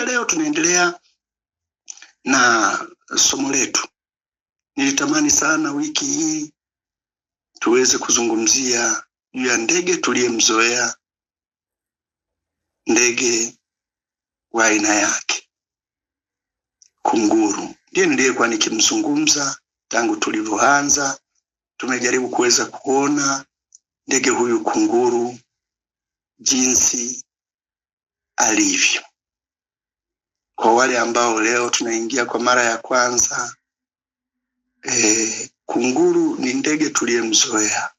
ya leo tunaendelea na somo letu. Nilitamani sana wiki hii tuweze kuzungumzia juu ya ndege tuliyemzoea, ndege wa aina yake kunguru. Ndiye niliyekuwa nikimzungumza tangu tulivyoanza. Tumejaribu kuweza kuona ndege huyu kunguru jinsi alivyo kwa wale ambao leo tunaingia kwa mara ya kwanza e, kunguru ni ndege tuliyemzoea,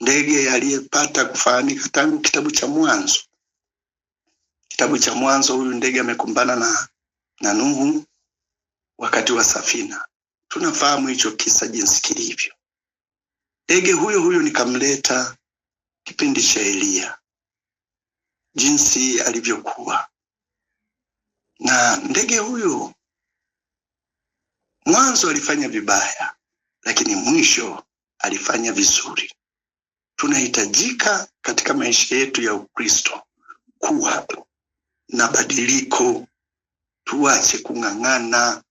ndege aliyepata kufahamika tangu kitabu cha Mwanzo. Kitabu cha Mwanzo, huyu ndege amekumbana na, na Nuhu wakati wa safina. Tunafahamu hicho kisa jinsi kilivyo. Ndege huyo huyo nikamleta kipindi cha Eliya, jinsi alivyokuwa na ndege huyu mwanzo alifanya vibaya, lakini mwisho alifanya vizuri. Tunahitajika katika maisha yetu ya Ukristo kuwa na badiliko, tuache kung'ang'ana,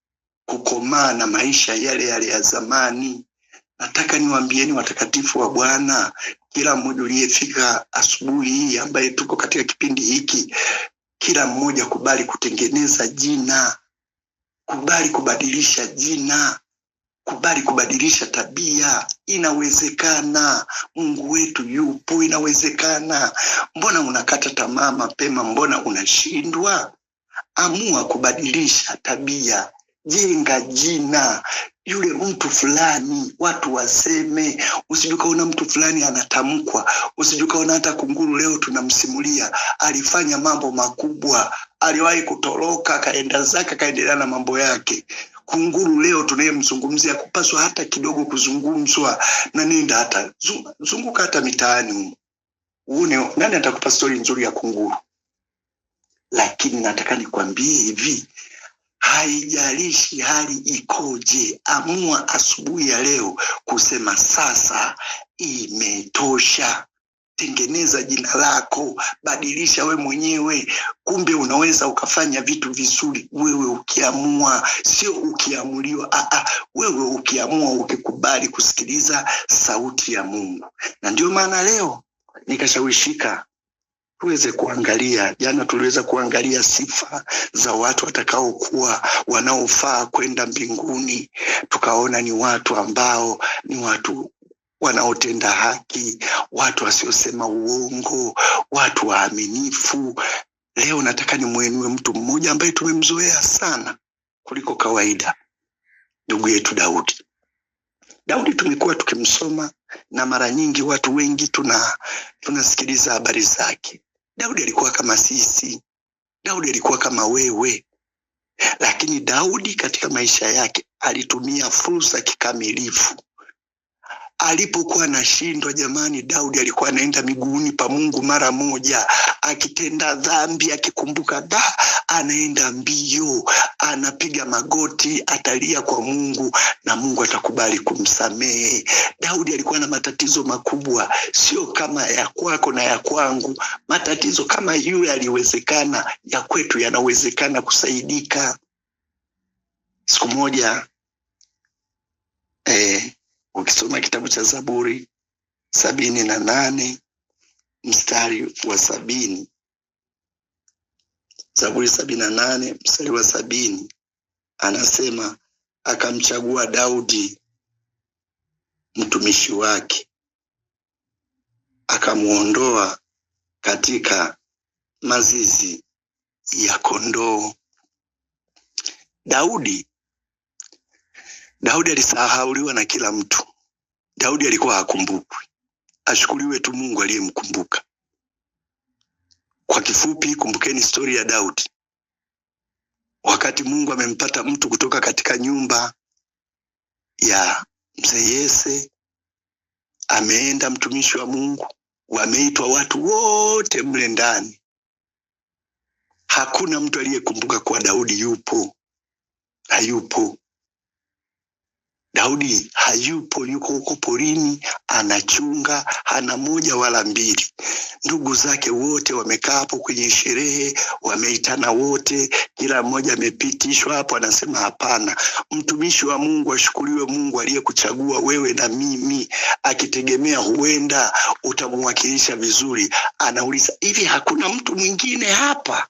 kukomaa na maisha yale yale ya zamani. Nataka niwaambieni watakatifu wa Bwana, kila mmoja uliyefika asubuhi hii ambaye tuko katika kipindi hiki, kila mmoja kubali kutengeneza jina, kubali kubadilisha jina, kubali kubadilisha tabia. Inawezekana, Mungu wetu yupo, inawezekana. Mbona unakata tamaa mapema? Mbona unashindwa? Amua kubadilisha tabia, jenga jina, yule mtu fulani watu waseme usijukaona mtu fulani anatamkwa usijukaona hata kunguru leo tunamsimulia alifanya mambo makubwa aliwahi kutoroka akaenda zake akaendelea na mambo yake kunguru leo tunayemzungumzia kupaswa hata kidogo kuzungumzwa na nenda hata zunguka hata mitaani uone nani atakupa stori nzuri ya kunguru lakini nataka nikwambie hivi Haijalishi hali ikoje, amua asubuhi ya leo kusema sasa imetosha. Tengeneza jina lako, badilisha we mwenyewe. Kumbe unaweza ukafanya vitu vizuri wewe ukiamua, sio ukiamuliwa. Aa, ah, ah, wewe ukiamua, ukikubali kusikiliza sauti ya Mungu. Na ndio maana leo nikashawishika tuweze kuangalia. Jana tuliweza kuangalia sifa za watu watakaokuwa wanaofaa kwenda mbinguni, tukaona ni watu ambao ni watu wanaotenda haki, watu wasiosema uongo, watu waaminifu. Leo nataka nimwenue mtu mmoja ambaye tumemzoea sana kuliko kawaida, ndugu yetu Daudi. Daudi tumekuwa tukimsoma na mara nyingi watu wengi tuna tunasikiliza habari zake, Daudi alikuwa kama sisi, Daudi alikuwa kama wewe, lakini Daudi katika maisha yake alitumia fursa kikamilifu alipokuwa anashindwa, jamani, Daudi alikuwa anaenda miguuni pa Mungu mara moja, akitenda dhambi, akikumbuka dha, anaenda mbio, anapiga magoti, atalia kwa Mungu na Mungu atakubali kumsamehe. Daudi alikuwa na matatizo makubwa, sio kama ya kwako na ya kwangu. Matatizo kama yule aliwezekana, ya kwetu yanawezekana kusaidika. Siku moja eh, ukisoma kitabu cha zaburi sabini na nane mstari wa sabini zaburi sabini na nane mstari wa sabini anasema akamchagua daudi mtumishi wake akamwondoa katika mazizi ya kondoo daudi daudi alisahauliwa na kila mtu Daudi alikuwa hakumbukwi. Ashukuriwe tu Mungu aliyemkumbuka. Kwa kifupi, kumbukeni stori ya Daudi. Wakati Mungu amempata mtu kutoka katika nyumba ya mzee Yese, ameenda mtumishi wa Mungu, wameitwa watu wote mle ndani, hakuna mtu aliyekumbuka kuwa Daudi yupo hayupo. Daudi hayupo, yuko huko porini, anachunga, hana moja wala mbili. Ndugu zake wote wamekaa hapo kwenye sherehe, wameitana wote, kila mmoja amepitishwa hapo, anasema hapana, mtumishi wa Mungu ashukuriwe Mungu aliyekuchagua wewe na mimi, akitegemea huenda utamwakilisha vizuri. Anauliza, hivi hakuna mtu mwingine hapa?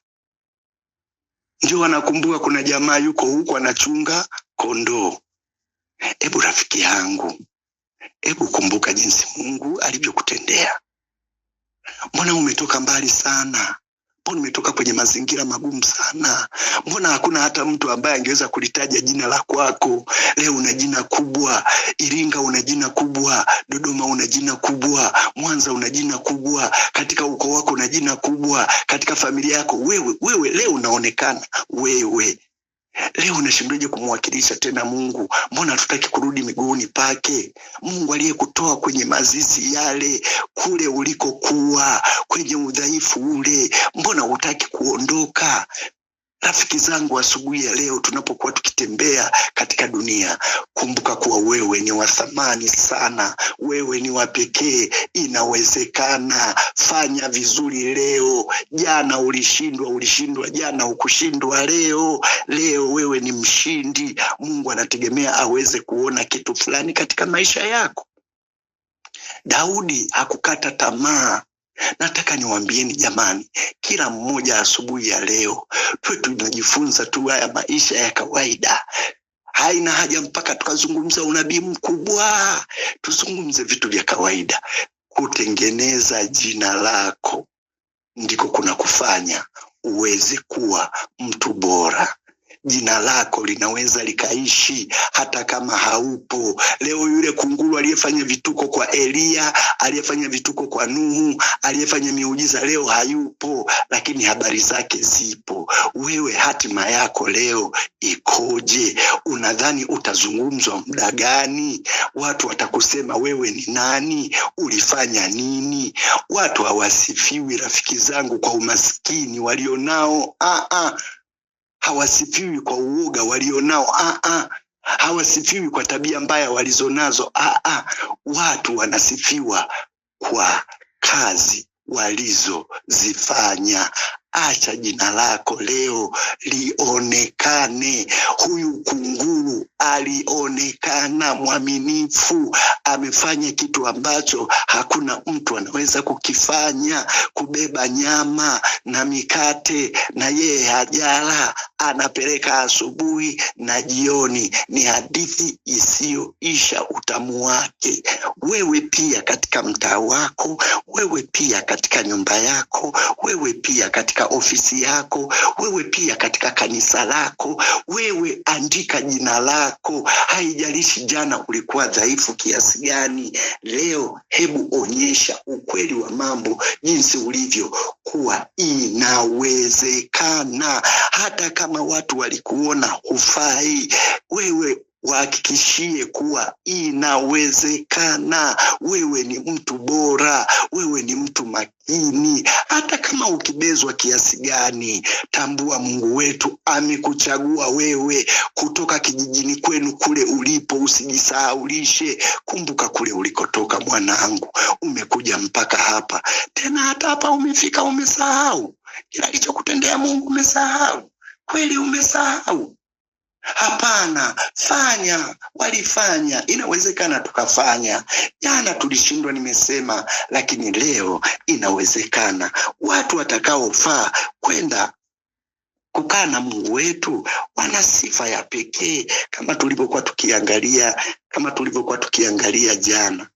Ndio anakumbuka kuna jamaa yuko huko anachunga kondoo Hebu rafiki yangu, hebu kumbuka jinsi Mungu alivyokutendea. Mbona umetoka mbali sana? Mbona umetoka kwenye mazingira magumu sana? Mbona hakuna hata mtu ambaye angeweza kulitaja jina la kwako? Leo una jina kubwa, Iringa una jina kubwa, Dodoma una jina kubwa, Mwanza una jina kubwa, katika ukoo wako una jina kubwa, katika familia yako wewe, wewe leo unaonekana wewe leo unashindwaje kumwakilisha tena mungu mbona hatutaki kurudi miguuni pake mungu aliyekutoa kwenye mazizi yale kule ulikokuwa kwenye udhaifu ule mbona hutaki kuondoka Rafiki zangu, asubuhi ya leo tunapokuwa tukitembea katika dunia, kumbuka kuwa wewe ni wa thamani sana, wewe ni wa pekee. Inawezekana, fanya vizuri leo. Jana ulishindwa, ulishindwa jana, ukushindwa leo. Leo wewe ni mshindi. Mungu anategemea aweze kuona kitu fulani katika maisha yako. Daudi hakukata tamaa Nataka niwaambieni jamani, kila mmoja asubuhi ya leo tuwe tunajifunza tu haya maisha ya kawaida. Haina haja mpaka tukazungumza unabii mkubwa, tuzungumze vitu vya kawaida. Kutengeneza jina lako ndiko kuna kufanya uweze kuwa mtu bora jina lako linaweza likaishi hata kama haupo. Leo yule kunguru aliyefanya vituko kwa Eliya, aliyefanya vituko kwa Nuhu, aliyefanya miujiza leo hayupo, lakini habari zake zipo. Wewe hatima yako leo ikoje? Unadhani utazungumzwa muda gani? Watu watakusema wewe ni nani? Ulifanya nini? Watu hawasifiwi rafiki zangu kwa umaskini walionao. Ah, ah hawasifiwi kwa uoga walionao ah, ah. hawasifiwi kwa tabia mbaya walizonazo ah, ah. watu wanasifiwa kwa kazi walizozifanya acha jina lako leo lionekane. Huyu kunguru alionekana mwaminifu, amefanya kitu ambacho hakuna mtu anaweza kukifanya, kubeba nyama na mikate, na yeye hajala, anapeleka asubuhi na jioni. Ni hadithi isiyoisha utamu wake. Wewe pia katika mtaa wako, wewe pia katika nyumba yako, wewe pia katika ofisi yako, wewe pia katika kanisa lako, wewe andika jina lako. Haijalishi jana ulikuwa dhaifu kiasi gani, leo hebu onyesha ukweli wa mambo jinsi ulivyo kuwa inawezekana, hata kama watu walikuona hufai, wewe wahakikishie kuwa inawezekana. Wewe ni mtu bora, wewe ni mtu makini. Hata kama ukibezwa kiasi gani, tambua Mungu wetu amekuchagua wewe kutoka kijijini kwenu kule ulipo. Usijisahaulishe, kumbuka kule ulikotoka. Mwanangu, umekuja mpaka hapa tena, hata hapa umefika, umesahau kila alichokutendea Mungu. Umesahau kweli, umesahau Hapana, fanya. Walifanya, inawezekana tukafanya. Jana tulishindwa, nimesema, lakini leo inawezekana. Watu watakaofaa kwenda kukaa na Mungu wetu wana sifa ya pekee, kama tulivyokuwa tukiangalia, kama tulivyokuwa tukiangalia jana.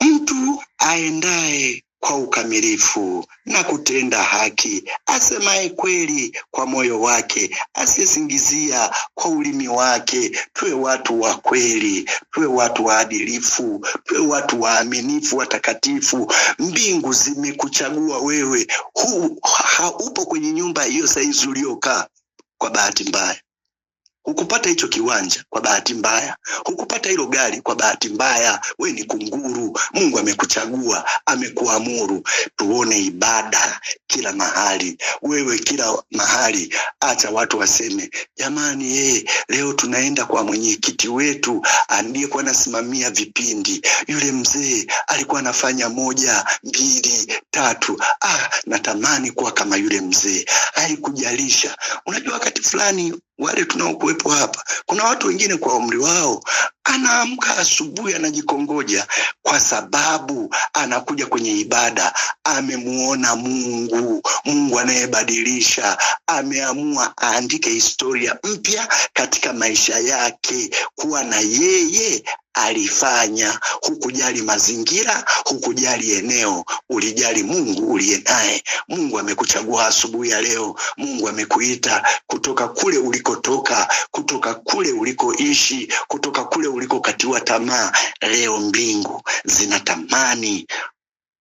Mtu aendaye kwa ukamilifu na kutenda haki, asemaye kweli kwa moyo wake, asiyesingizia kwa ulimi wake. Tuwe watu wa kweli, tuwe watu waadilifu, tuwe watu waaminifu, watakatifu. Mbingu zimekuchagua wewe, haupo kwenye nyumba hiyo saizi uliokaa kwa bahati mbaya hukupata hicho kiwanja kwa bahati mbaya, hukupata hilo gari kwa bahati mbaya. We ni kunguru, Mungu amekuchagua, amekuamuru. Tuone ibada kila mahali, wewe kila mahali. Acha watu waseme, jamani, yeye eh, leo tunaenda kwa mwenyekiti wetu aliyekuwa anasimamia vipindi, yule mzee alikuwa anafanya moja mbili tatu. Ah, natamani kuwa kama yule mzee. Haikujalisha, unajua wakati fulani wale tunaokuwepo waliokuwepo hapa. Kuna watu wengine kwa umri wao anaamka asubuhi anajikongoja kwa sababu anakuja kwenye ibada, amemuona Mungu, Mungu anayebadilisha, ameamua aandike historia mpya katika maisha yake, kuwa na yeye alifanya. Hukujali mazingira, hukujali eneo, ulijali Mungu uliye naye. Mungu amekuchagua asubuhi ya leo, Mungu amekuita kutoka kule ulikotoka, kutoka kule ulikoishi, kutoka kule ulikokatiwa tamaa. Leo mbingu zinatamani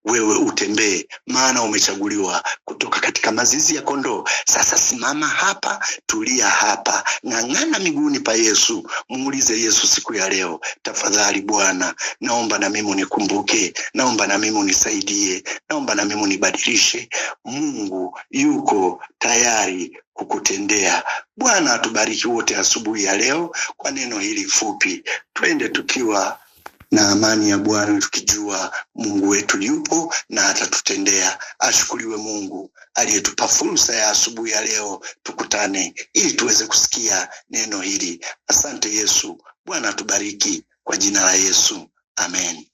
wewe utembee, maana umechaguliwa kutoka katika mazizi ya kondoo. Sasa simama hapa, tulia hapa, ng'ang'ana miguuni pa Yesu, muulize Yesu siku ya leo, tafadhali Bwana, naomba na mimi unikumbuke, naomba na mimi unisaidie, naomba na mimi unibadilishe. Mungu yuko tayari kukutendea. Bwana atubariki wote asubuhi ya leo kwa neno hili fupi, twende tukiwa na amani ya Bwana tukijua Mungu wetu yupo na atatutendea. Ashukuriwe Mungu aliyetupa fursa ya asubuhi ya leo tukutane ili tuweze kusikia neno hili. Asante Yesu. Bwana atubariki kwa jina la Yesu, amen.